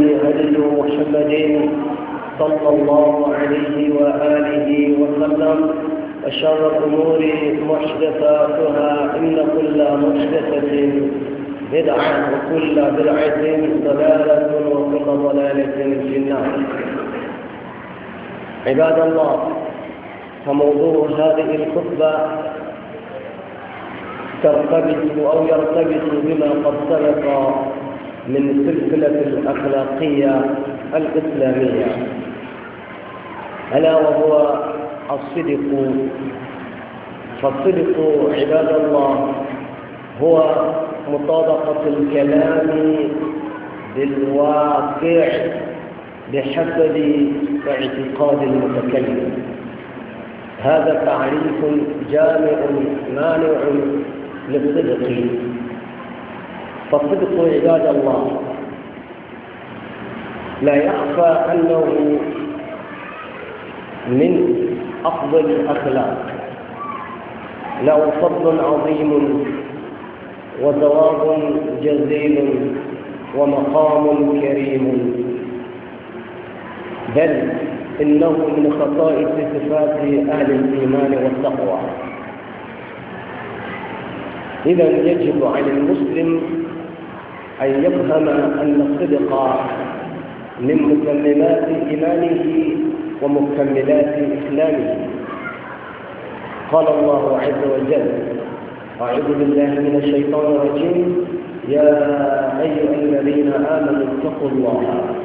هدي محمد صلى الله عليه وآله وسلم وشر الأمور محدثاتها إن كل محدثة بدعة وكل بدعة ضلالة وكل ضلالة في النار عباد الله فموضوع هذه الخطبة ترتبط أو يرتبط بما قد سبق من السلسلة الأخلاقية الإسلامية ألا وهو الصدق فالصدق عباد الله هو مطابقة الكلام بالواقع بحسب اعتقاد المتكلم هذا تعريف جامع مانع للصدق فالصدق عباد الله لا يخفى أنه من أفضل الأخلاق له فضل عظيم وثواب جزيل ومقام كريم بل إنه من خصائص صفات أهل الإيمان والتقوى إذا يجب على المسلم أن يفهم أن الصدق من مكملات إيمانه ومكملات إسلامه قال الله عز وجل أعوذ بالله من الشيطان الرجيم يا أيها الذين آمنوا اتقوا الله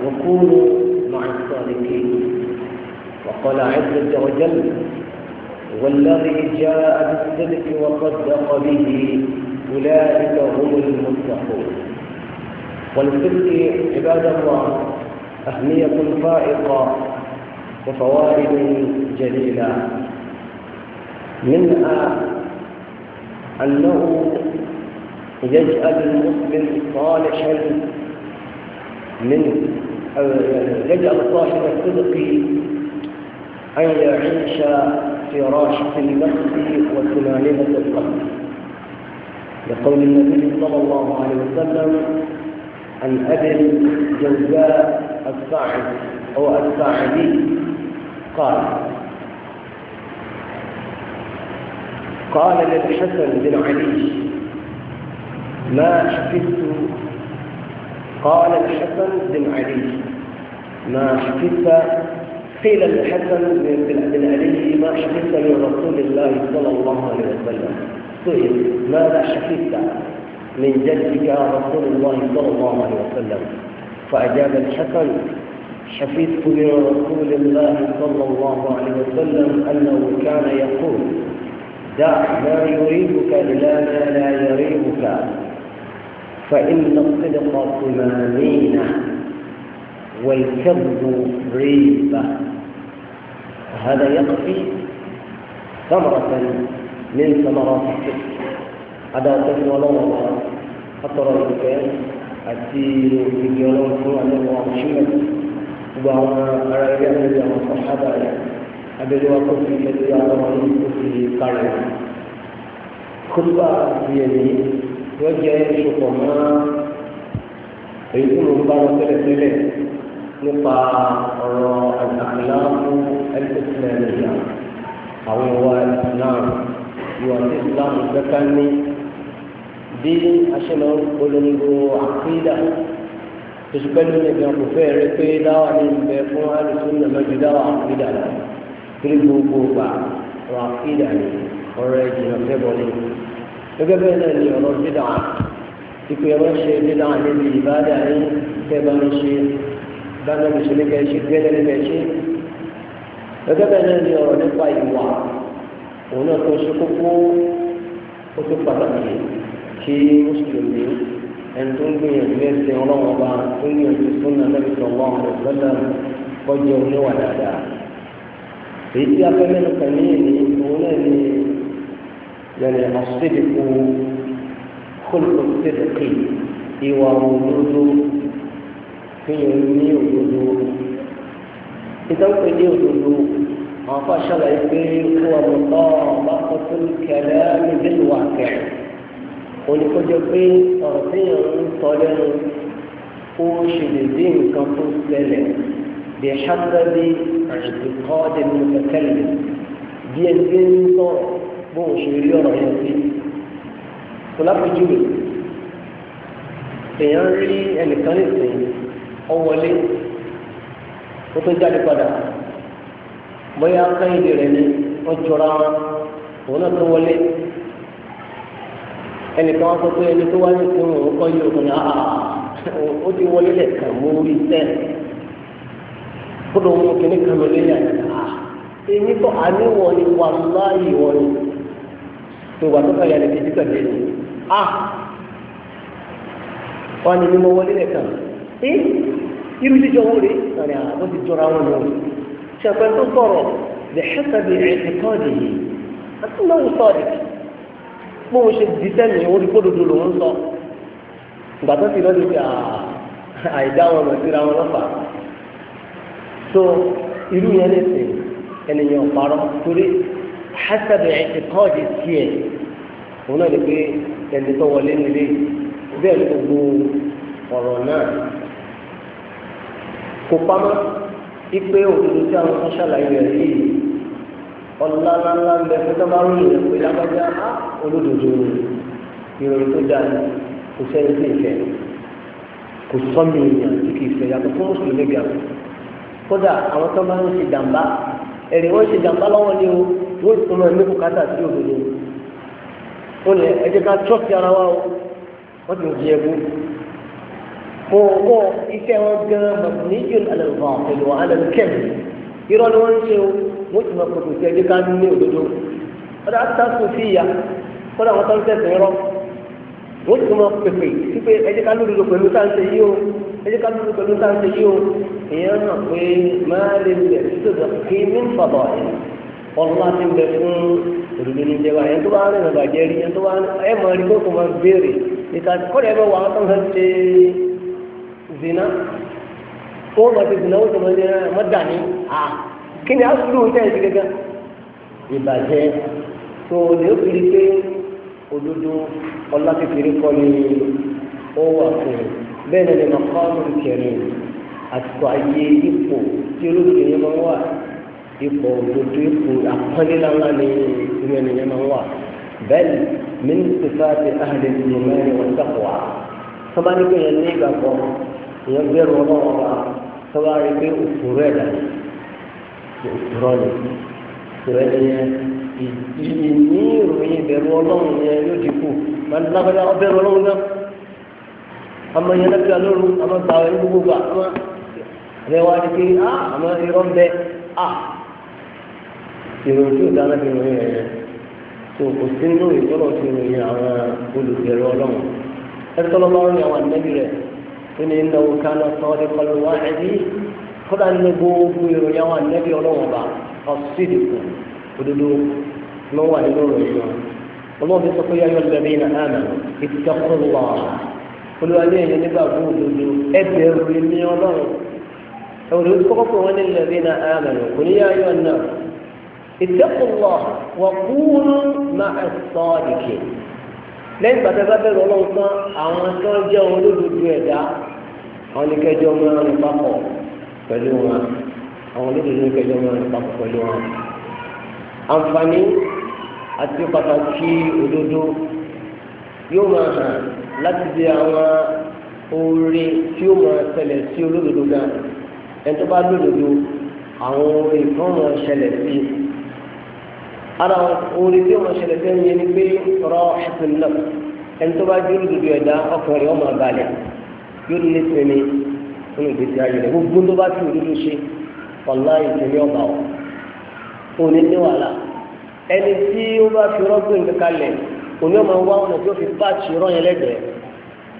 وكونوا مع الصادقين وقال عز وجل والذي جاء بالصدق وصدق به أولئك هم المتقون وللصدق عباد الله أهمية فائقة وفوائد جليلة منها أنه يجعل المسلم صالحا من يجعل صاحب الصدق أن يعيش في راحة النفس وسلالمة القلب لقول النبي صلى الله عليه وسلم عن أبي جوزاء الصاعد أو الصاعدي قال قال للحسن بن علي ما حفظت قال الحسن بن علي ما حفظت قيل الحسن بن علي ما حفظت من رسول الله صلى الله عليه وسلم سئل طيب، ماذا حفظت من جدك رسول الله صلى الله عليه وسلم فأجاب الحسن حفظت من رسول الله صلى الله عليه وسلم أنه كان يقول دع ما يريبك إلى ما لا يريبك فإن الصدق طمأنينة والكذب ريبة هذا يقضي ثمرة من ثمرات الصدق adájọ́ fún ọlọ́wọ́n wa atọ́rọ̀ ìfẹ́ àti ìgbì ọlọ́wọ́n fún àlẹ́wọ̀n àmúṣúmẹ̀ gbogbo àwọn ará ilé àtẹ́lẹ́ àwọn sàhábà rẹ̀ abẹ́lé wa kó fi ẹgbẹ́ àwọn ọmọ yìí kó fi kárẹ̀ wọn. kótópà ti ẹ̀mí wọ́n jẹ́ ìṣòpọ̀ mọ́ èyí tó ló ń bá wọn tẹ́lẹ̀tẹ́lẹ̀ nípa ọ̀rọ̀ àgbàlá fún ẹgbẹ́ àwọn ìwà ìsìlámù ìwà ìsìlámù gbẹ́ká ní bí aṣọ́nà olóńgbò àkídà tó ti pẹ́lú nìkan kò fẹ́ rí pé dáwà ní ìbẹ̀ fún àdùsùn náà lọ́jọ́ dáwà àkídà lọ kiri gbogbo gbà ọ̀rọ̀ àkídà ni ọ̀rọ̀ ìjìnà fẹ́bọ̀ ni gẹ́gẹ́ bẹ́ẹ̀ náà ni ọ̀rọ̀ dídà ìpè ẹ̀rọ ṣe dídà níbi ìbáàdà yín tẹ́ bá ní kẹ́ṣe gẹ́gẹ́ ní kẹ́ṣe gẹ́gẹ́ bẹ́ẹ̀ náà ni ọ̀rọ̀ nípa ìwà òun náà tó ṣe kókó ó tó pàtàkì kí mùsùlùmí ẹni tó ń gbìyànjú ẹsẹ̀ ọlọ́run ọba tó ń gbìyànjú súnà lẹ́bi sọ̀rọ̀ àwọn ọ̀dọ́dọ́ kọjá oníwà dáadáa. èyí tí afẹ́lẹ́ nìkan ní èyí òun náà ni yẹn ọ̀sídìkú kólùkọ́sídìkì ìwà òdodo kéèyàn ní òdodo. ìtàkùn ní òdodo àwọn afáṣàlàyé pé kó àmọ̀tọ́ bá kọ́ tó kẹlẹ́ níbi ìwà kẹrin oníkójọ pé ọ̀rọ̀ téèyàn ń sọ lẹ́nu ó ṣe lè dín nǹkan tó ṣẹlẹ̀ bí ṣáṣẹ́bí àṣìkọ́ dẹ̀mí kẹkẹ́lẹ̀ bí ẹni tí ń sọ bóun ṣe rí ọ̀rọ̀ yẹn sí. kòlápẹ̀jùwẹ̀ èèyàn rí ẹnìkan lè ọ wọlé ó tó jáde padà bóyá kẹ́hìndé rẹ̀ ni wọ́n jọra òun náà tó wọlé ẹnìkan wá sọ pé ẹni tó wá ní fún òun kọ́ yóò fún yàrá ó ti wọlé lẹ́ẹ̀kan mú rí sẹ́ kó ló mú kíní kan lọ lẹ́yìn àyà ah, èmi tó àníwọ̀ ni wà láàyè wọ̀ ni tó wà tó kàyà lẹ́bi títà lé ni a ah, wọn ni mo wọlé lẹ́ẹ̀kan ẹ irú jíjọ wo rè sani àbọ̀ ti jọra wọn lọ ṣàpẹ́ tó sọ̀rọ̀ lẹ́hẹ́sàbí ẹ̀ ẹ̀kọ́ nìyí àti náà sọ̀rọ̀ bó ń ṣe dìísẹ́ mi orí kódodo lòún sọ ìgbà tó ti lọ́dún pé ah, àìdá wọn lọ síra wọn lọ́fà so irú yẹn lè sè ènìyàn parọ́ torí hasabi ẹ̀sìn kọ́ọ̀dì tiẹ̀ òun náà lè pé ẹni tó wọlé nílé bẹ́ẹ̀ ló gbogbo ọ̀rọ̀ náà kò pamọ́ ipe òdodo tí àwọn kan ṣàlàyé rẹ̀ yìí ọ̀la ńláńlá ń bẹ fún tó máa ń ròyìn pé lágbájá olódodo ni ìròyìn tó dáa ni kò sẹ́yìn sí ìfẹ́ kò sọ́mi èèyàn tí kì í fẹ́ yàtọ̀ fún mùsùlùmí gà kódà àwọn tó máa ń ṣe jàǹbá ẹ̀rì wọ́n ṣe jàǹbá lọ́wọ́ ni o wọ́n ti máa ní bùkátà sí òdodo wọ́n lè ẹ jẹ́ ká trọ́ọ̀sì ara wa o wọ́n ti ń di ẹ̀bú kókó iṣẹ́ wọn gan wọ́n ti máa pèpè sí ẹjẹ́ ká ní òdodo ọ̀dà àtàkùn sí ìyá kọ́dà àwọn tó ń tẹ̀sán rọ́ wọ́n ti máa pèpè sí pé ẹjẹ́ ká lódodo pẹ̀lú táǹtẹ̀ yìí o ẹjẹ́ ká lódodo pẹ̀lú táǹtẹ̀ yìí o èèyàn mọ̀ pé máa lè lẹ̀ sídòdò kí ní fàbọ̀ ẹ̀ ọlọ́lá ti ń bẹ fún òdodo ní ìjẹba ẹ̀ tó bá rìn àbàjẹ́ rí ẹ̀ tó bá ẹ̀ mọ̀ rí kókò zina ó lọ sí zina ó sọ ma dání kí ni asúlù ń tẹ̀sí gẹ́gẹ́ ìbàjẹ́ tó lè ó fi pé òdodo ọlá kékeré kọ́ ni ó wà fún un bẹ́ẹ̀ ni mọ̀kánù kẹrin àtìkọ ayé ipò tí olóògbé yẹn máa ń wà ipò òdodo ipò àpọ́nlélánlá ni irú ẹnìyẹn máa ń wà bẹ́ẹ̀ ni mínísítà ti ahàlẹ́ ìlú mẹ́rin wọ́n sàkóà sọ́ba ní yẹn ní ìgbàgbọ́ ìyẹn gbẹ́rù ọlọ́wọ́ wa sọ́ba rí pé òkú rẹ̀ dàní ìrọ̀lẹ́ ìrọ̀lẹ́ yẹn ìdí ní ìròyìn ìbẹ̀rù ọlọ́run yẹn yóò dínkù máa lábẹ́lá ọbẹ̀rù ọlọ́run náà àmọ yẹn lẹ́gbẹ̀ẹ́ lóru àmọ gbàwé ní gbogbo gbà àmọ rẹ wá ní pé á ah, àmọ irọ́ ń bẹ á ah. ìròyìn tí ò dáná fi ròyìn rẹ tó kò sí nínú ìtọ́lọ̀ tí ròyìn àwọn olùbẹ̀rù ọlọ́run ẹ̀tọ́lọ́ bá wọn àwọn ànẹ́bí rẹ̀ ó ní ìnáwó kánà sọ́ọ́ kódà nínú gbogbo ìròyìn àwọn ànábì ọlọ́wọ́n bá ọ̀sídì kù òdodo ló wà nínú ìròyìn wọn ọlọ́wọ́n fi sọ pé yáyọ lẹ́bí iná àná ìtìkọ́kọ́ wà olùwàlẹ́ ẹ̀yẹ nígbà fún òdodo ẹ̀bẹ̀ rẹ̀ ní ọlọ́run ẹ̀wọ̀n ló kọ́kọ́ pé wọ́n ní lẹ́bí iná àná kò ní yáyọ náà ìtẹ́kùn wà wà kúrú máa sọ ìkè lẹ́yìn pàtàkì bẹ̀rẹ̀ ọlọ́run tán àwọn tó ń jẹ́ pẹ̀lú wọn àwọn olódodo kẹjọ máa ń papọ̀ pẹ̀lú wọn. àǹfààní àti pàtàkì òdodo yóò máa hàn láti di àwọn oore tí ó máa ṣẹlẹ̀ sí olódodo náà ẹni tó bá lódodo àwọn oore kan máa ṣẹlẹ̀ sí i. ara oore tí ó máa ṣẹlẹ̀ sí ẹni yẹn ni pé ọ̀rọ̀ ẹ̀sìn náà ẹni tó bá jẹ́ olódodo ẹ̀dá ọkàn rẹ̀ ó yóò lè sinmi nínú ìgbésí ayé rẹ gbogbo tó bá fi òdodo ṣe ọ̀la ìtẹ̀lé ọ̀bà ọ̀ òní ní wàhálà ẹni tí ó bá fi rọ́gbìn kankan lẹ̀ òní ọmọ wa ọ̀nà tí ó fi bá ti rọ́ yẹn lẹ́gbẹ̀ẹ́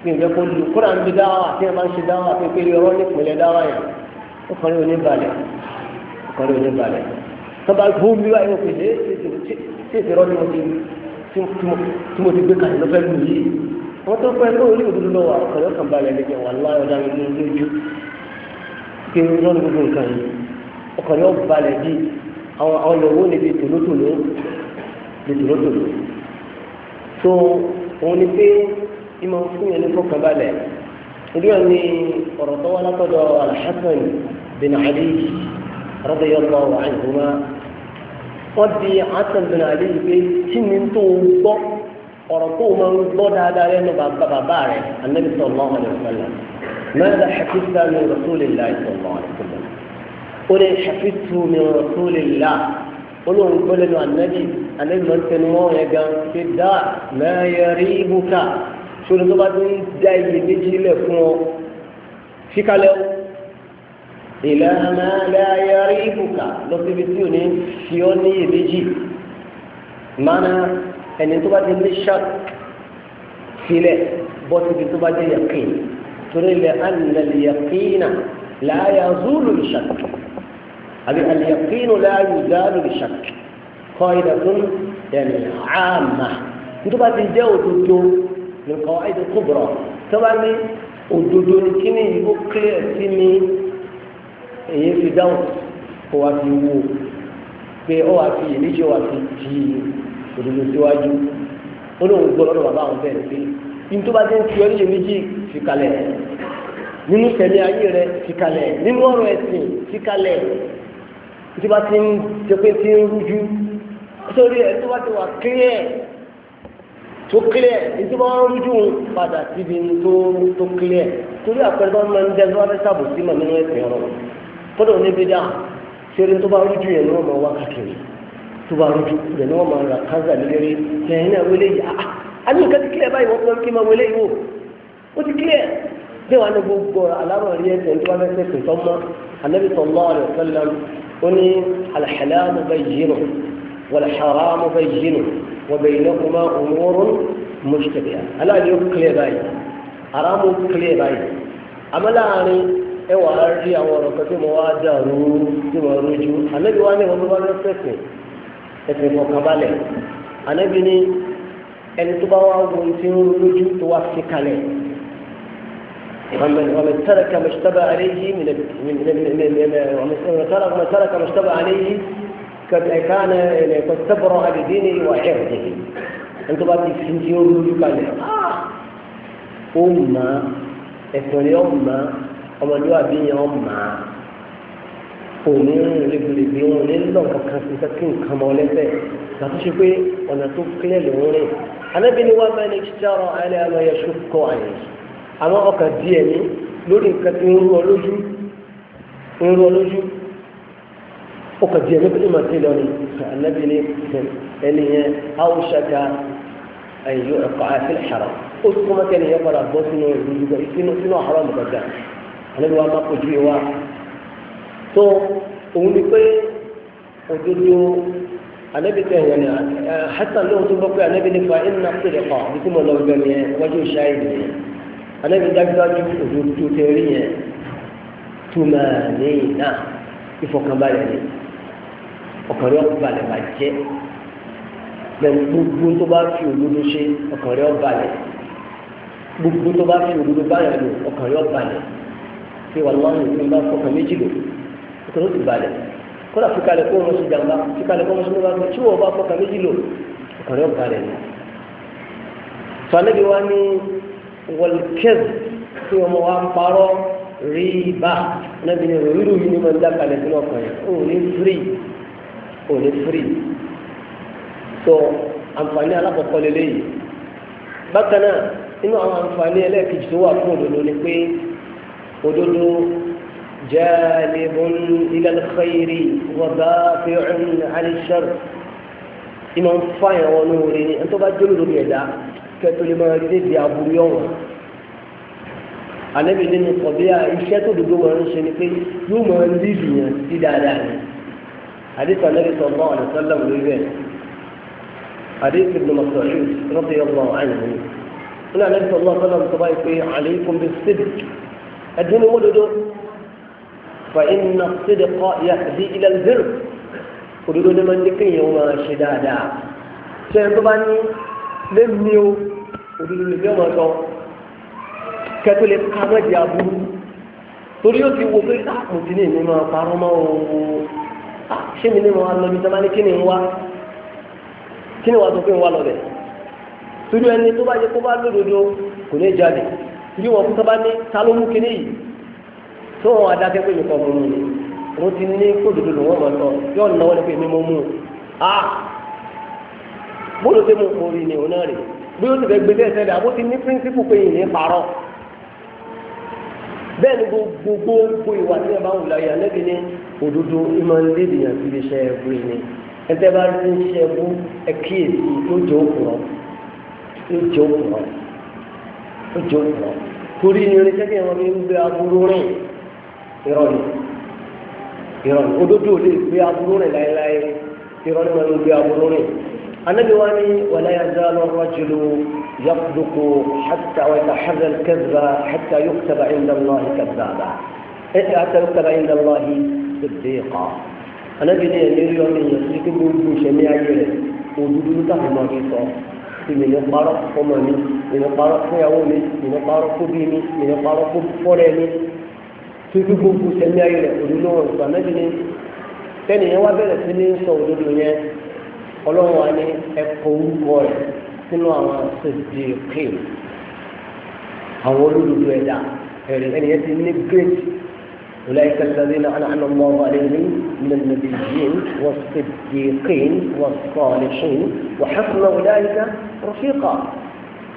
ní ìgbẹ́ kó lu kóra ń bi dáwà àti ẹ̀ máa ń ṣe dáwà àti pé ọ̀rọ̀ nípìnlẹ̀ dáwà yẹn ó kàn ní oníbalẹ̀ ó kàn ní oníbalẹ̀ tọ́ba gbóòmí wáyé wọ́n pèsè tí èsì rọ́ ni mo ti gbé kalẹ̀ lọ́fẹ́ lù yìí wọ́n tó pẹ́ tó orí òdodo lọ́wọ́ àkọ́yọ́ kan balẹ̀ lẹ́jẹ̀ wà láyé ọ̀dà mi ní lójú kí n lọ́nu gbogbo nǹkan yìí ọkọ̀yọ́ balẹ̀ bí àwọn ọlọ́wọ́ níbi tòlótòló ní tòlótòló tó òun ni pé ìmọ̀ fún yẹn ní fọkàn balẹ̀ ìdí wọn ni ọ̀rọ̀ tó wá látọ̀dọ̀ alhassan bin ali radiyallahu anhuma wọ́n di hasan bin ali pé kí ni tó gbọ́ ọ̀rọ̀ tó o máa ń gbọ́ dáadáa lẹ́nu bàbá bàbá rẹ̀ anabi sallallahu alaihi wasallam mẹ́ta xafisa mi rasulillah sallallahu alaihi wasallam o de xafisu mi rasulillah olóhùn gbọ́lẹ̀ nù anabi anabi máa ń tẹnu wọ́n yẹn gan ṣe dá mẹ́yẹrí ibùkà ṣòro tó bá ti ń da iye méjì lẹ̀ fún ọ fíkalẹ̀ o ìlànà mẹ́yẹrí ibùkà lọ síbi tí ọ́ ní iye méjì mánà ẹni tó bá ti ní ṣak sílẹ̀ bọ́ síbi tó bá jẹ́ yàqin torí ilẹ̀ anna al-yaqina la yazulu al-shak àbí al-yaqinu la yuzalu al-shak qaidatun yani 'amma tó bá ti jẹ́ òdodo ní qawaid kubra tó bá ní òdodo ní kíní yìí kílẹ̀ sí ní èyí fi dáhùn kó wá fi wó pé ó wá fi èmi jẹ́ wá fi jì í òdodo síwájú ó lóun gbọ́ lọ́dọ̀ bàbá àwọn bẹ́ẹ̀ pé ní tó bá dé ń fi ọ nílé méjì fi kalẹ̀ nínú tẹ̀lé ayé rẹ fi kalẹ̀ nínú ọ̀rọ̀ ẹ̀sìn fi kalẹ̀ tí bá ti ń jẹ pé ti ń rújú sórí ẹ̀ tó bá ti wà kílẹ̀ tó kílẹ̀ ní tó bá ń rújú padà síbi tó tó kílẹ̀ torí àpẹẹrẹ bá máa ń jẹ tó bá fẹ́ sàbòsí màmínú ẹ̀sìn ọ̀rọ̀ kọ́dọ̀ níbi dá ṣeré tó bá rújú yẹn ní wọ́n tó bá rújú rẹ̀ náà máa ra kánsà lélẹ́rí ẹ̀yìn náà wọlé yìí àá ah, àmì ah, nǹkan ti kílẹ̀ báyìí wọ́n fún kí máa wọlé yìí wò ó ti kílẹ̀ bí wàá ní gbogbo aláwọ̀ rí ẹ̀sẹ̀ tó bá fẹ́ pè sọ́mọ́ anábì sallallahu alaihi wasallam ó ní al-halalu bayyinun wal-haramu bayyinun wa baynahuma umurun mushtabihat aláàlú yóò kílẹ̀ báyìí haramu kílẹ̀ báyìí àmọ́ láàrin ẹwà rí àwọn ọ̀rọ̀ kan tí mo wá dàrú tí mo rújú anábì wá wọn bá fẹ́ pè ẹsẹ̀ ìfọkànbalẹ̀ ànábì ni ẹni tó bá wà wọ lójú tó wá fi kalẹ̀ ومن ترك ما اشتبه عليه من كان قد تبرأ لدينه وعرضه أنت بقى تفهمتي ويقول لك أمة إثنين òní rìnrìnlẹ̀gbẹ̀lẹ̀gbẹ̀ wọn ní lọ́n kankan sí kankan kan mọ́ lẹ́sẹ̀ tàbí ṣe pé ọ̀nà tó kílẹ̀ lòún rìn anábì ni wọ́n mẹ́rin ṣíṣàrọ̀ alẹ́ àmọ́ yẹ ṣùkọ́ àyè àmọ́ ọkàn díẹ̀ ní lórí nǹkan tí ń rú ọ lójú ń rú ọ lójú ọkàn díẹ̀ ní pẹ̀lú màtí lọ ní anábì ni ẹni yẹn àwòṣàkà ẹ̀yọ ẹ̀kọ́ àti ìṣàrọ̀ ó tún mọ́kẹ́ ni yẹn padà bọ́ sínú ìlú tó òun ni pé òdodo anabi tẹ wọn ni hasan lóhun tó gbọ́ pé anabi ní fa iná sílẹ̀ kọ́ bí tí mo lọ gbẹ mi yẹn wájú ṣáì mi yẹn anabi dájúdájú òdodo tẹ rí yẹn túmọ̀ lẹ́yìn náà ìfọkànbalẹ̀ ni ọkàn rẹ ọbalẹ̀ máa jẹ́ pẹ̀lú gbogbo tó bá fi òdodo ṣe ọkàn rẹ ọbalẹ̀ gbogbo tó bá fi òdodo báyọ̀ lò ọkàn rẹ ọbalẹ̀ pé wàlúwàlú ìpínlẹ̀ bá fọkàn méjì lò tòun ti balẹ̀ kódà fíkalẹ̀ kó wọn ṣe jàmbá fíkalẹ̀ kó wọn ṣe wọn bá gbé tí wọn bá fọkàn méjì lò ọkàn yóò balẹ̀ ni. sọ̀nẹ́bí wa ní wọ̀lkẹ́sì tí ọmọ wa parọ́ rí bá nẹ́bí ni rírú yìí ni mo ń dákalẹ̀ sínú ọkàn yẹn ó ní firi ó ní firi tó àǹfààní alákọ̀ọ́kọ́ lélẹ́yìí bákan náà nínú àwọn àǹfààní ẹlẹ́ẹ̀kejì tó wà fún òdodo ni pé òdodo جالب إلى الخير ودافع عن الشر ìmọ̀ ń fàyàn wọn ní orí ni ẹni tó bá jóló lórí ẹ̀dá kẹtù lè máa rí débi àbúrú ọ̀wọ̀n àlẹ́bí nínú kọ̀bíà iṣẹ́ tó dùgbò wọn ń ṣe ni pé yóò máa ń lílù yẹn sí dáadáa ni àdìsọ àlẹ́bí sọ bá ọ̀nà sọ́lá wọlé bẹ́ẹ̀ àdìsọ ìbùdó mọ̀sọ̀rọ̀ rọ́bì ọgbọ̀n àyàn ni wọn àlẹ́bí sọ bá ọ̀nà sọ́lá wọlé bẹ́ẹ̀ àlẹ́kùn bí sídìkì ẹ̀dùn ni wọ́n dodo فإن الصدق يهدي إلى البر òdodo ní máa ń dínkì yẹn wọn ṣe dáadáa ṣe tó bá ní lẹ́mí o òdodo lè mẹ́wàá sọ kẹtó lè ká mọ́jì aburú torí ó ti wo pé ah, mo ti ní ìní máa parọ́ mọ́ o ah, ṣé mi ní mo wá lọ bí sábà ní kí ni ń wá kí ni wàá sọ pé ń wá lọ bẹ̀ torí ẹni tó bá yẹ kó bá lódodo kò ní jáde bí wọn fún sábà ní ta ló mú kíní yìí tó wọn adákẹ́ pé nìkan mú mi wọn ti ní kódodo ló wọn mọ̀ sọ yóò náwó ní pé mi mọ̀ mú a bóòlù tẹ́ mo kò rí ni òun náà rè bí ó sì fẹ́ gbé bẹ́ẹ̀ sẹ́dá bó ti ní píríncípù pé ìyìn parọ́ bẹ́ẹ̀ ni gbogbo gbogbo ìwà tí ẹ bá wù láyé alẹ́ bíi ní òdodo ìmọ̀ ń lé ìdìyàn sí iṣẹ́ ẹ̀kú ni ẹ̀tẹ́ bá ti ń ṣe ẹ̀kú ẹ̀kíyèsí ló jẹ́ òkùnrọ̀ ló òkùnrọ̀ ló òkùnrọ̀ torí ni oníṣẹ́ kí ẹ̀wọ̀n mi ń gbé aburú rìn ìrọ̀lì ìrọ̀lì òdodo lè gbé aburú rìn láéláé ìrọ̀lì máa ń gbé aburú rìn anabi wa ni wàlá yazalu rajulu yaqduku hatta wa yataharra al-kadhba hatta yuktaba inda allahi kadhaba hatta yuktaba inda allahi siddiqa anabi ni ẹni rí ọmọ èèyàn sí kí gbogbo ìṣẹ̀mí ayé rẹ̀ òdodo ló tàbí máa fi sọ èmi ní parọ́ fọmọ mi èmi parọ́ fún ìyàwó mi èmi parọ́ fún bí mi èmi parọ́ fún fọ́rẹ́ mi tuntun gbogbo sẹ́mi ayé rẹ̀ kò ní lọ́wọ́ ìgbà mẹ́bí ni tẹ́nì yẹn wá bẹ̀rẹ̀ sí ní sọ òdodo yẹn ọlọ́run wa ní ẹ̀kọ́ orúkọ rẹ̀ sínú àwọn sèdèké àwọn olódodo ẹ̀dá ẹ̀rẹ̀ ẹni yẹn ti ní gírèjì أولئك الذين أنعم الله عليهم من النبيين والصديقين والصالحين وحسن أولئك رفيقا.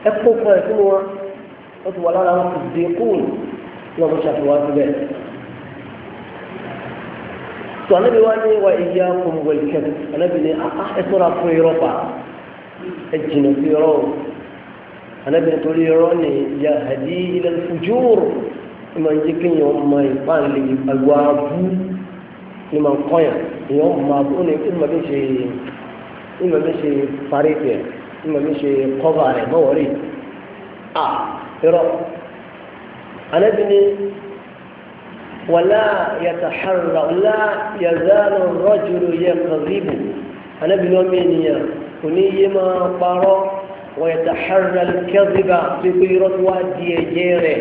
أقوى فاسموا أطول على الصديقون lọ́wọ́ bó ṣàfihàn síbẹ̀. tó anábì wá ní wa ìyá kòmùwẹ̀lì kẹ́lẹ́ anábì ní ah, ah, ẹ sọ́ra fún irọ́ pa ẹ jìnnà sí irọ́ o anábì nítorí irọ́ ni ìyá àdí ilẹ̀ fujúr ẹ máa ń jẹ́ kí èèyàn máa ìpàlẹ̀ àgbà bú ni máa ń kọ́yàn èèyàn máa bú ni kí ni máa fi ṣe ni máa fi ṣe parí tẹ̀ máa fi ṣe kọ́va rẹ̀ mọ́wọ́rì à ah, irọ́ anabi ni wàlá yàtàhárà wàlá yàzánu rọ́jùlù yẹ kọ̀ọ̀rìbù anabi ni wọ́n mi nìyàn kò ní yé máa parọ́ wọ́n yàtàhárà kẹ́rìbà tó kó yọrọ tó wá di ẹ̀jẹ̀ rẹ̀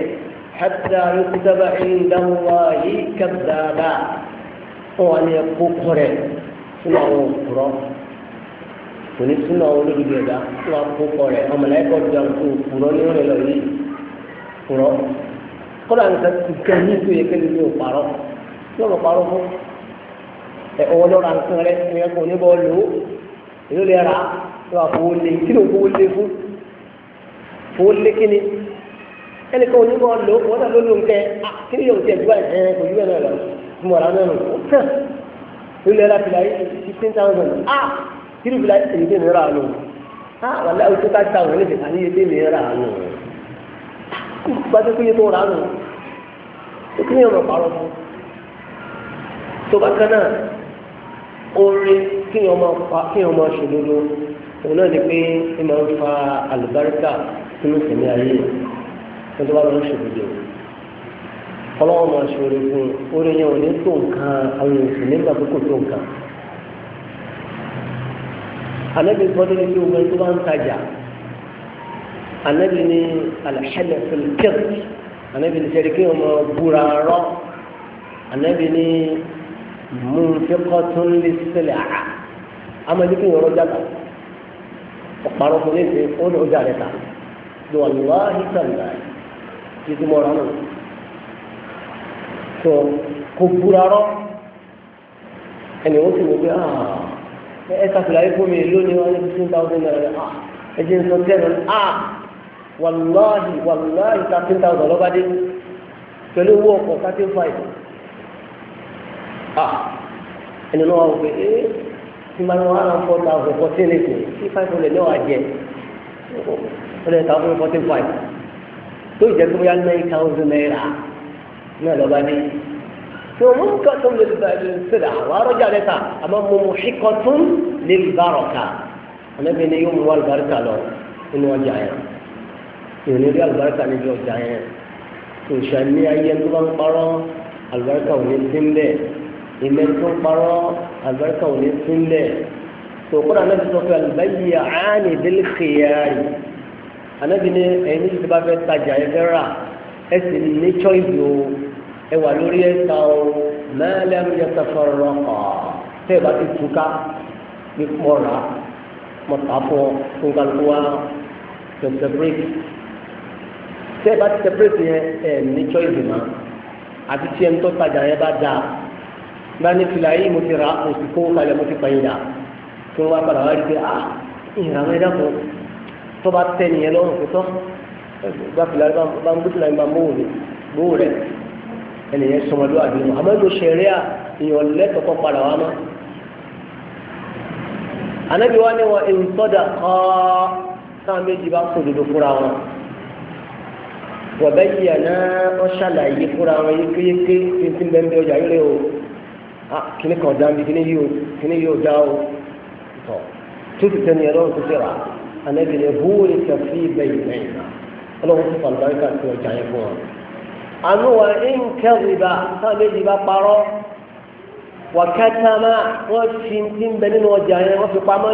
hàtà yókùtàbà ìdáwà yìí kàdàdà wọn wà ní ẹ̀kọ́ kọrẹ̀ sínú àwọn òkúrọ̀ kò ní sínú àwọn olódodo ẹ̀dá sínú àkókò rẹ̀ ọmọlẹ́kọ̀ọ́ dàrú tó ní ọ̀rẹ́ lọ yìí òkúrọ̀ kọ́lá nǹkan ìkan ní ìlú yẹn kéde ní òparọ́ tí wọ́n parọ́ fún ẹ ọwọ́ lọ́ra nǹkan rẹ ìyẹn kò ní bọ́ lò ó èló lè ra tó wà fowó lé kí ló fowó lé fún fowó lé kí ni ẹnìkan ò ní bọ́ lò ó wọ́n náà ló lò kí ni yóò tiẹ̀ ju ẹ̀ ẹ̀ kò ju ẹ̀ náà lọ fún ọ̀rá náà nù ó kàn lè ra fìlà yìí fifteen thousand ah kí ni fìlà yìí èyí tẹ̀ mí rà á ah wàlẹ́ àwọn tó ká ta òun ní fìlà yìí èyí tẹ̀ mí rà á gbájú pé tó rà nù ó kí ni ọmọ pàrọ̀ mọ́ tó bá kán náà oore kí ni ọmọ pa kí ni ọmọ ṣòdodo òun náà ni pé ẹ máa ń fa àlùbáríkà nínú sẹ̀mí ayé ẹ tó bá lọ ṣòdodo ọlọ́wọ́ anabi ni alḥẹlẹ filkir anabi ni sẹri kéwọn ma búra rọ anabi ni munfikọtun lè ṣẹlẹ̀ a amadi kéwọn rọ jábà ọ̀parọ̀ fún léṣe ó ní ọjà rẹ ta ló wà lọ́wọ́ ìtàlá títí mọ́ra náà tó kò búra rọ ẹni wọ́n ti wọ́n pé ah, ẹ ká fìlà yìí fún mi lónìí wọn ní fifteen thousand naira ah, ẹ jẹ́ n sọ ten ah wàlúwàhì wàlúwàhì thirteen thousand lọ́ba dé pẹ̀lú owó ọkọ̀ thirteen five ah ẹni náà wọ́n pé ee eh, tí máa ń wọ́n ara four thousand fourteen eight tí five hundred náà wà jẹ hundred thousand fourteen five tó ìjẹ́ tó yá nine thousand naira náà lọ́ba dé tí wọ́n ń tó lè sẹ́dá wàá rọ́jà lẹ́ta àmọ́ mo mú ṣíkọ́ tún lè bá rọ̀ ká àmọ́ ẹni yóò mú wà lọ nínú ọjà yẹn ìrìn rí àlùbáríkà níbi ọjà yẹn òṣà ní ayé tó bá ń parọ́ àlùbáríkà ò ní sí ńbẹ̀ ìmẹ́ tó ń parọ́ àlùbáríkà ò ní sí ńbẹ̀ tó kọ́ra náà ti sọ pé àlùbáyé àánì délé kìyàrì ànábi ní ẹ̀yin ní ti bá fẹ́ tajà ẹ fẹ́ rà ẹ sì ní choice o ẹ wà lórí ẹ o mẹ́lẹ́mú yẹ sẹ́fọ̀rọ̀ ọ̀ tẹ́ ẹ bá ti túká ní pọ̀ rà mọ̀tàfọ́ wa tẹ̀sẹ̀ bíríkì tẹ́ ẹ bá ti separate yẹn ẹ ní choice mọ́ àti tí ẹni tó tajà yẹn bá dáa bá ní fìlà yìí mo ti ra mo ti kó kalẹ̀ mo ti pàyìn dà tí wọ́n padà wá rí pé ah ìhàn ẹ̀dá kan tó bá tẹ́ nìyẹn lọ́rùn kó tọ́ gba fìlà bá ń gbófìlà yìí bá mú òun gbówó rẹ̀ ẹnìyẹn sọmọdún àdúgbò àmọ́ ìlú sẹ̀ríà ìyàn lẹ́tọ̀ọ́ padà wá mọ́ anabi wa ni wọn èyí sọ́dà kọ́ táwọn méjì bá sọ òdodo fúnra wọn wọ̀bẹ́yìí àná wọ́n ṣàlàyé fúnra wọn yékéyéké tí tí ń bẹ́ẹ̀ ń bẹ́ ọjà yìí o ah, kíní kan dá mi kíní yìí o kíní yìí o dá o tọ̀ tó ti tẹ́ni ẹ̀rọ tó ti rà ànábì ni bóòlì kẹfì bẹ́yìí bẹ́yìí ọlọ́run tó fàlùbá yìí kàtó ọjà yẹn fún wa. àánú wa ń kẹ́rù ibà táwọn méjì bá parọ́ wà kẹta wọ́n fi ti ń nínú ọjà yẹn wọ́n fi pamọ́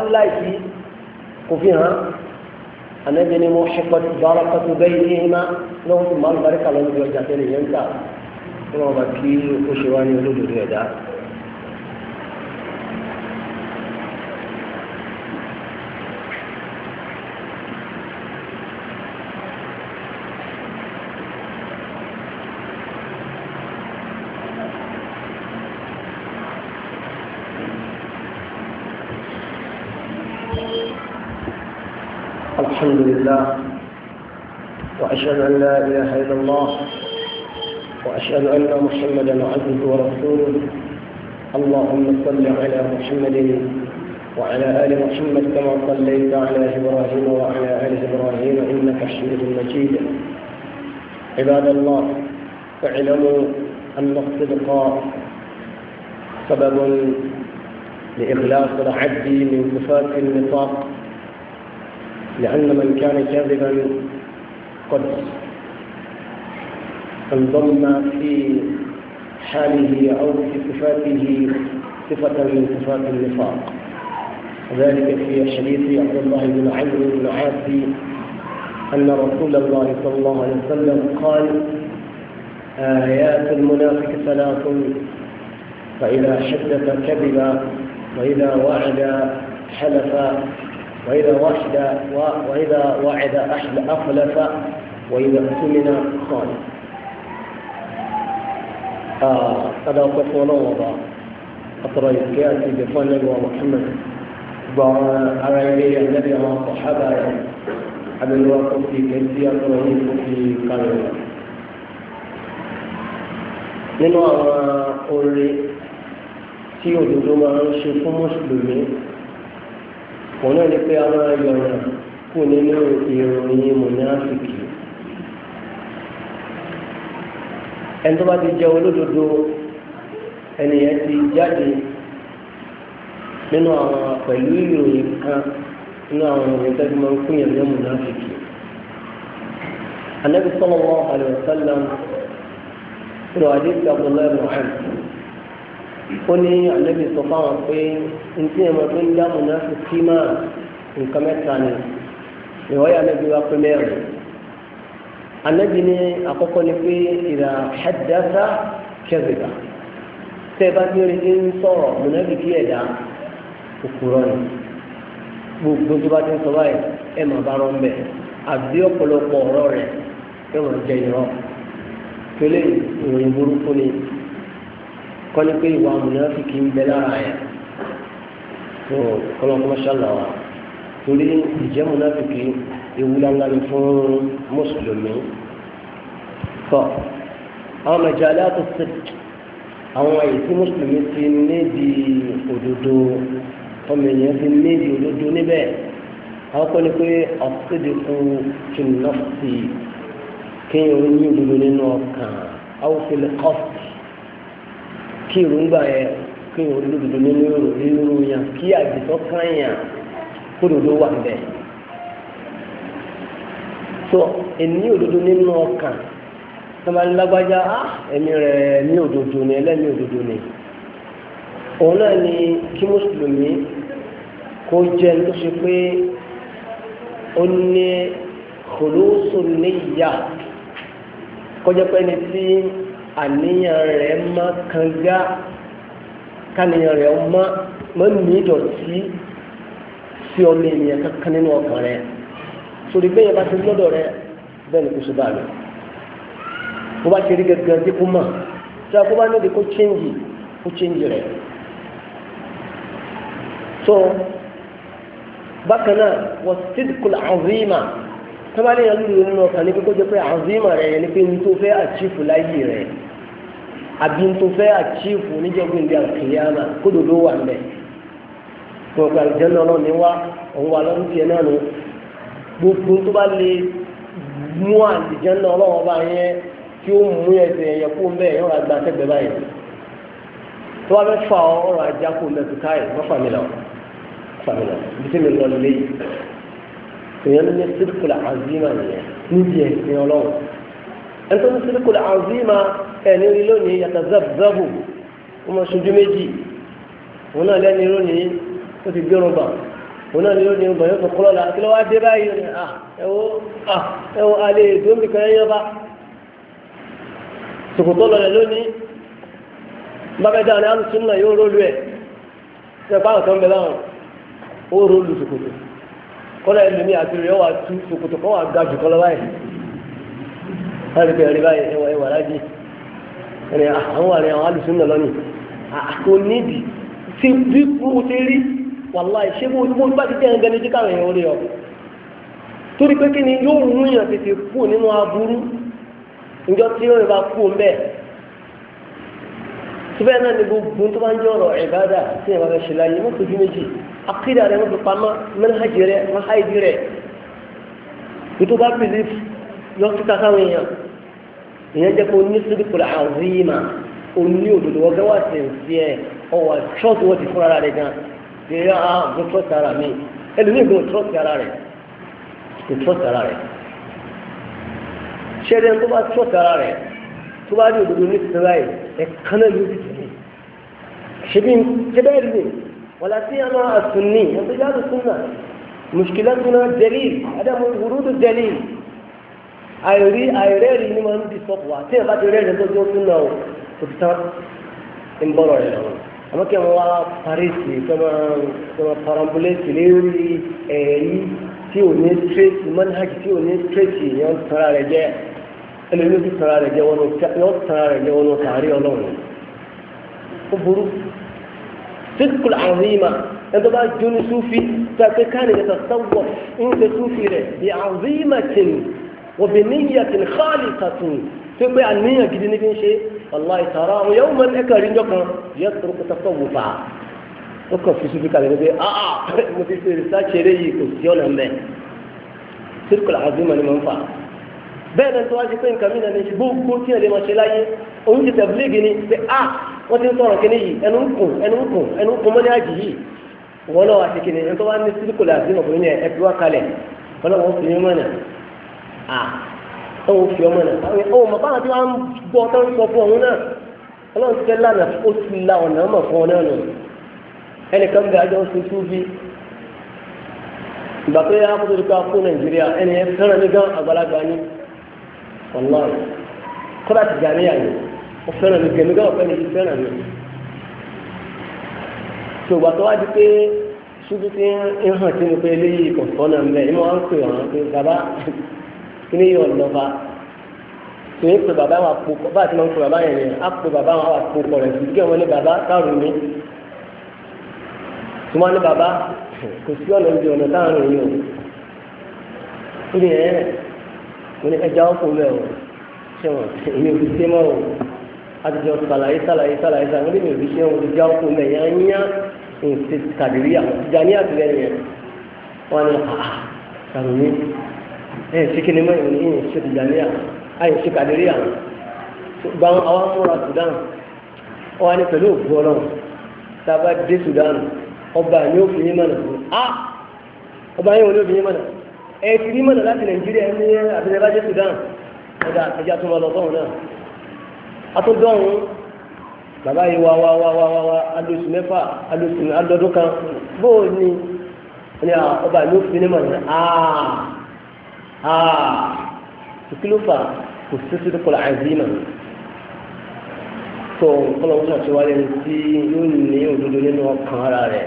anabi ni mo ṣekọtì bárakọtì bẹ́ẹ̀ ní ìmá lọ́wọ́ tó máa ń barí kalọ́ níbi ọjà tẹ́lẹ̀ yẹn وأشهد أن لا إله إلا الله وأشهد أن محمدا عبده ورسوله اللهم صل على محمد وعلى آل محمد كما صليت على إبراهيم وعلى آل إبراهيم إنك حميد مجيد عباد الله اعلموا أن الصدق سبب لإخلاص العبد من صفات النفاق لأن من كان كاذبا قد انضم في حاله أو في صفاته صفة من صفات النفاق وذلك في حديث عبد الله بن عمرو بن عاص أن رسول الله صلى الله عليه وسلم قال آيات المنافق ثلاث فإذا حدث كذب وإذا وعد حلف وإذا وعد وإذا وعد أحلف وإذا اؤتمن خان آه، ألا تقول ونوضة أطرى يكاتي بفن ومحمد وعلى يدي النبي وصحابة على الوقت في كنسية رهيب في قانون nínú àwọn orin tí òdodo máa ń ṣe fún mùsùlùmí òun náà ni pé a máa kù nínú ìròyìn mùnáfìkì ẹni tó bá ti jẹ́ olódodo ẹnìyẹn ti jáde nínú àwọn pẹ̀lú ìròyìn kan nínú àwọn ìròyìn tó máa ń fún yẹn lẹ́mù náà fìkì. Ànábì sallallahu alaihi wasallam ìrọ̀ àdéhùn Abdullahi Muhammad ó ní Ànábì sọ fáwọn pé n tí yẹn máa fi ń dáhùn náà fi kí máa nǹkan mẹ́ta ni ìwọ́yà Ànábì wá pé mẹ́rin anabi ní àkọ́kọ́ ni pé ìlà haddatha kẹrìbà tẹ́ bá ní orí ń sọ̀rọ̀ mùnàbí kí ẹ̀dá òkúrọ̀ ni gbogbo tó bá ti ń sọ báyìí ẹ̀ máa bá rán bẹ́ẹ̀ àbí ọ̀pọ̀lọpọ̀ ọ̀rọ̀ rẹ̀ yóò máa jẹ ìrọ̀ pélé ìròyìn burúkú ni kọ́ ni pé ìwà mùnàbí kì í bẹ lára ẹ̀ tó kọ́lọ́mọṣálà wa torí ìjẹ́ mùnàbí kì í ìwúlọ́lá ni fún mùsùlùmí tọ́ àwọn mẹjọ́lá tó ṣe àwọn àyè tí mùsùlùmí ti níbi òdodo ọmọ ènìyàn ti níbi òdodo níbẹ̀ àwọn kọ́ni pé ọ̀sídìkù kìnnọ́sì kéèyàn ní òdodo nínú ọkàn àwòfẹ́lẹ̀ kọ́sì kí ìrúngbà yẹn kéèyàn ní òdodo nínú ìròyìn yẹn kí àgbẹ̀tọ́ kan yẹn kó òdodo wà bẹ́ẹ̀ sọ ẹ̀mí òdodo nínú ọkàn tọ́ba ńlágbájá á ah, ẹ̀mí rẹ̀ ẹ̀mí òdodo ni ẹlẹ́mí òdodo ni òun náà ni kí mùsùlùmí kó jẹ́ tó ṣe pé ó ní kòlóòsù níyà kọjá pé ẹni tí àníyàn rẹ̀ má kanga káníyàn rẹ̀ má má ní ìdọ̀tí sí ọmọ ènìyàn kankan nínú ọkàn rẹ̀ sori bẹ́ẹ̀ yẹn bá ti lọ́dọ̀ rẹ bẹ́ẹ̀ ni kò sí báyìí bó bá ti rí gẹ́gẹ́ bí kò mọ̀ tí a kó bá níbi kó chẹ́ǹgì kó chẹ́ǹgì rẹ̀ so bákan náà wọ́n ti kò àzima tábàlẹ̀ yẹn lùlù nínú ọkàn ní kíkó jẹ́ pé àzima rẹ̀ yẹn ni pé n tó fẹ́ àchífù láyé rẹ̀ àbí n tó fẹ́ àchífù níjọ́gbìn bí àkìyàmà kó dòdò wà mẹ́ kò kàlùjẹ́ náà ní wá òun wà lọ́rùn tiẹ̀ náà nù gbogbo tó bá lè mú àlìjẹ́ náà ọlọ́wọ́ bá yẹn tí ó mú ẹsẹ̀ yẹn kó ń bẹ́ẹ̀ yẹn wà gba sẹ́gbẹ̀ẹ́ báyìí tó wá fẹ́ fà ọ́ ọ̀rọ̀ ajá kó ń bẹ́ẹ̀ tó káyọ̀ wọ́n fà mí lọ fà mí lọ bí tí mi lọ lé yìí èèyàn ní sírìkùlà àzímà nìyẹn níbi ẹ̀sìn ọlọ́wọ́ ẹni tó ní sírìkùlà àzímà ẹni rí lónìí yàtọ̀ zẹ́bù wọ́n mọ̀ òun náà ni ó ní ọgbọ̀n yóò tó kúrọ̀ la kí ló wá dé báyìí ó ní à ẹ̀wọ́ à ẹ̀wọ́ alẹ́ èdè omi kan yẹn bá sòkòtò lọlẹ̀ lónìí bábẹ́dá ni alùsùn náà yóò rólu ẹ̀ ṣe pa àwọn kan bẹ láwọn ó rólu sòkòtò kọ́lá ẹlòmíì àti rẹ̀ wà tú sòkòtò kan wà ga báyìí láti bẹ̀rẹ̀ rí báyìí ẹwà ẹwà lájì ẹ̀rẹ̀ àwọn àrẹ̀ àwọn alùsùn náà lọ́nìí tí bí kúrú ti rí wàláì ṣé mo mo bá ti jẹ́ ẹgbẹ́ ní jíkà rẹ̀ orí ọ torí pé kí ni yóò mú yàn tètè kú nínú aburú ìjọ tí yóò bá kú ń bẹ́ẹ̀ síbẹ̀ náà ni gbogbo tó bá ń jẹ́ ọ̀rọ̀ ìbádà tí yẹn bá fẹ́ ṣe láyé mọ́tò ju méjì akéda rẹ̀ mọ́tò pamọ́ mẹ́nhàjì rẹ̀ mọ́háìdì rẹ̀ tó bá bìlì lọ sí kásáwọn èèyàn ìyẹn jẹ́ pé oní sídìkùlà àzíìmà oní òdòdó ọgẹ́wà sí ẹ̀ ọwà trọ́ọ̀tù wọ́n ti fúnra rẹ̀ gan-an ṣe é ah mo trọ́ọ̀tì ara mi ẹlòmíì kò trọ́ọ̀tì ara rẹ̀ kò trọ́ọ̀tì ara rẹ̀ ṣé ẹni tó bá trọ́ọ̀tì ara rẹ̀ tó bá ní òdodo ní ìsinmi ẹ̀kan náà yóò ti tẹ̀lé ṣe bí ṣe bẹ́ẹ̀ rí wọ́n ti àmà àtúnní ẹgbẹ́ jáde súnmọ́ mùsùlùmí dẹ́líl adamu wùrúdù dẹ́líl àìrí àìrẹ́rì ni wọ́n ń di sọ́pù tí ẹ̀ bá ti rẹ́rìn tó tó súnmọ́ o kò ti tán ń bọ́rọ̀ rẹ̀ lọ́wọ́ àmọ́ kí wọ́n wá paríṣì kí wọ́n parambulẹ́tì lérí ẹ̀rí tí ò ní tírèsì mọ́nájì tí ò ní tírèsì yẹn tara rẹ̀ jẹ́ ẹlẹ́ni tí tara rẹ̀ jẹ́ wọ́n tara rẹ̀ jẹ́ wọ́n tààrí ọlọ́run ó burú síkùl àríma ẹni tó bá jóni súfì tó àti ẹ̀ta sáwọ̀ ń ṣe súfì rẹ̀ bí àríma tìǹ tó pé àníyàn gidi ní fi ń ṣe ọ̀la ìtara àwọn yẹ́wò mọ́ ẹ̀ka rí njọ́ kan yẹ́ kúrò kó tọ́kọ̀ wò fà ó kàn fi síbi kalẹ̀ pé ah mo ti ṣe rìsáàcì eré yìí kò sí ọ̀nà mbẹ́ sírkùlà àdúmọ̀ ni mo ń fà bẹ́ẹ̀ náà tó wá sí pé nǹkan mìíràn ní gbogbo tí ẹ̀lẹ́ máa ṣe láyé òun ti tẹ̀blígì ni pé a wọ́n ti ń sọ̀rọ̀ kí yìí ẹnu ń kùn ẹnu ń kùn ẹnu ń kùn mọ́ni àjì yìí wọ́n lọ́wọ́ àti kìnìún ẹni tó wá ní sílíkò láti ní ọkùnrin yẹn ẹbí wá kalẹ̀ wọ́n lọ́wọ́ fi mí mọ́nà ó fi ọmọ náà ó mọ̀ báwọn tí wọ́n ń gbọ́ tó ń sọ fún òun náà ọlọ́run ti fẹ́ lánàá ó ti la ọ̀nà ọmọ fún ọ náà nù ẹnìkan bẹ àjọ ṣe tú bí ìgbà tó yẹ akótó ti ká fún nàìjíríà ẹni ẹ fẹ́ràn ní gan àgbàlagbà ni ọlọ́run kọ́dà ti gàníyà ni ó fẹ́ràn ní gẹ̀mí gan ọ̀fẹ́ ni ti fẹ́ràn ni ṣògbà tó wá di pé ṣubú ti ń hàn sí mi pé eléyìí kò sọ́nà mẹ́ ìmọ̀ wá kíní yóò lọ́ba tòun pé bàbá wọn àpò bá àti máa ń pè bàbá yẹn yẹn àpò bàbá wọn àpò kọ̀ rẹ̀ sí kí wọ́n ní bàbá káàrún mi tí wọ́n ní bàbá kò sí ọ̀nà ibi ọ̀nà káàrún yìí o ìdíyẹ mo ní ẹja ọkọ mẹ o ṣé wọn èmi ò fi ṣe mọ o àtijọ́ sàlàyé sàlàyé sàlàyé sàlàyé mo ní mi ò fi ṣe wọn ti já ọkọ mẹ yẹn á ń ṣe kàdìrí àwọn ìjà ní àtìlẹ́yìn yẹn wọn ni àà kàrún mi. ẹ̀yìn sí kí ni mọ́ ìrìn ìyìn sí tìjàníyà ayìn sí kàdíríyà gba àwọn Sudan ó wá pẹ̀lú ògbó ọlọ́run tá dé Sudan ọba ní ó fi yín fún a ọba yẹn ò ní ó fi yín mọ̀nà ẹ ti rí láti ní Sudan ẹ̀dá ẹja tó máa lọ náà bàbá yìí wá wá wá wá wá wá alóṣù mẹ́fà alóṣù alọ́dún kan bóò ọba ó fi yín ìkìlúfà ah. kò sí sí dúkọ̀ àìsíma tó kọ́lọ̀ wọ́n ṣàṣewálẹ̀ tí yóò ní òdodo nínú ọkàn ara rẹ̀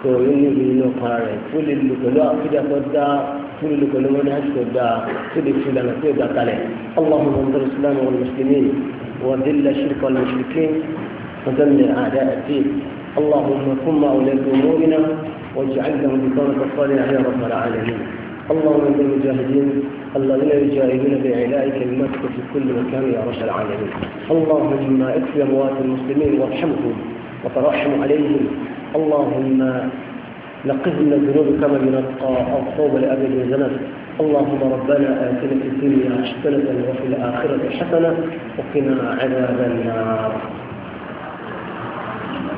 tó yóò ní òdodo nínú ọkàn ara rẹ̀ tó lè lò pẹ̀lú àkójọ tó dá tó lè lò pẹ̀lú mọ́ni àti tó dá tó lè fi lànà tó dá kalẹ̀ اللهم انصر الاسلام والمسلمين وذل الشرك والمشركين ودمر اعداء الدين اللهم ثم اولي امورنا واجعل لهم بطانه الصالحه يا رب العالمين اللهم من المجاهدين الذين يجاهدون بإعلائك كلمتك في كل مكان يا رب العالمين اللهم اكفي أموات المسلمين وارحمهم وترحم عليهم اللهم نقذنا الذنوب كما ينقى الثوب لأبد الزنب اللهم ربنا آتنا في الدنيا حسنة وفي الآخرة حسنة وقنا عذاب النار